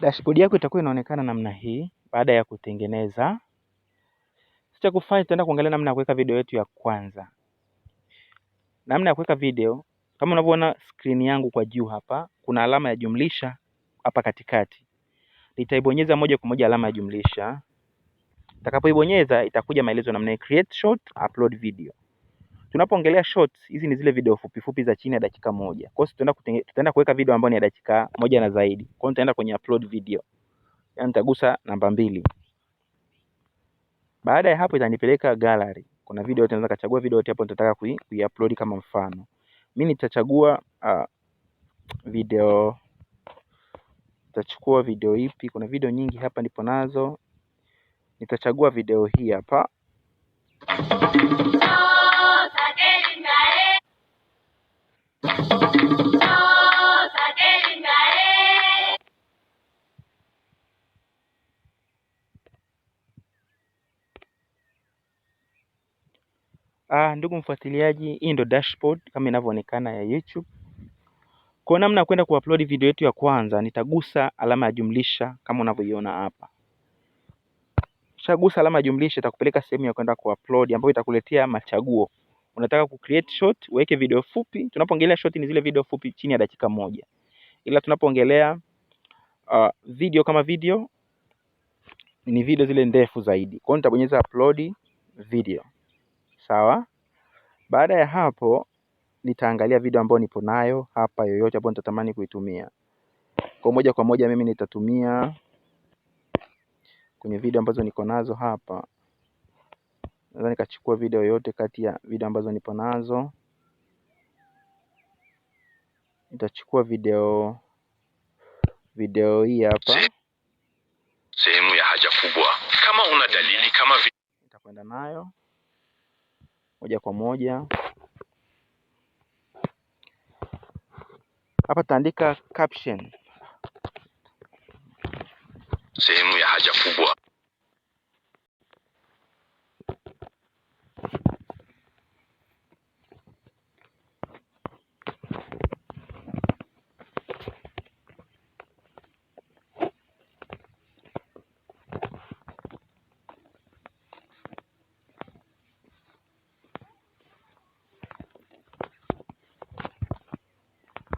Dashibodi yako itakuwa inaonekana namna hii baada ya kutengeneza. Cha kufanya tutaenda kuangalia namna ya kuweka video yetu ya kwanza. Namna ya kuweka video, kama unavyoona skrini yangu kwa juu hapa, kuna alama ya jumlisha hapa katikati. Nitaibonyeza moja kwa moja alama ya jumlisha. Nitakapoibonyeza itakuja maelezo namna ya create short, upload video. Tunapoongelea shorts, hizi ni zile video fupi fupi za chini ya dakika moja. Kwa hiyo tutaenda tutaenda kuweka video ambayo ni ya dakika moja na zaidi. Kwa hiyo nitaenda kwenye upload video. Yaani nitagusa namba mbili. Baada ya hapo itanipeleka gallery. Kuna video yote naweza kachagua video yote hapo nitataka kuiupload kama mfano. Mimi nitachagua uh, video nitachukua video ipi? Kuna video nyingi hapa nipo nazo. Nitachagua video hii hapa. Ah, ndugu mfuatiliaji, hii ndio dashboard kama inavyoonekana ya YouTube. Kwa namna ya kwenda kuupload video yetu ya kwanza, nitagusa alama ya jumlisha kama unavyoiona hapa. Ukishagusa alama ya jumlisha itakupeleka sehemu ya kwenda kuupload ambayo itakuletea machaguo unataka create short, uweke video fupi. Tunapoongelea short ni zile video fupi chini ya dakika moja, ila tunapoongelea uh, video kama video ni video zile ndefu zaidi. Kwa hiyo nitabonyeza upload video, sawa. Baada ya hapo nitaangalia video ambayo nipo nayo hapa, yoyote ambayo nitatamani kuitumia. Kwa moja kwa moja mimi nitatumia kwenye video ambazo niko nazo hapa naweza nikachukua video yote kati ya video ambazo nipo nazo. Nitachukua video video hii hapa, sehemu ya haja kubwa. Kama una dalili kama vile, nitakwenda nayo moja kwa moja hapa, taandika caption sehemu ya haja kubwa.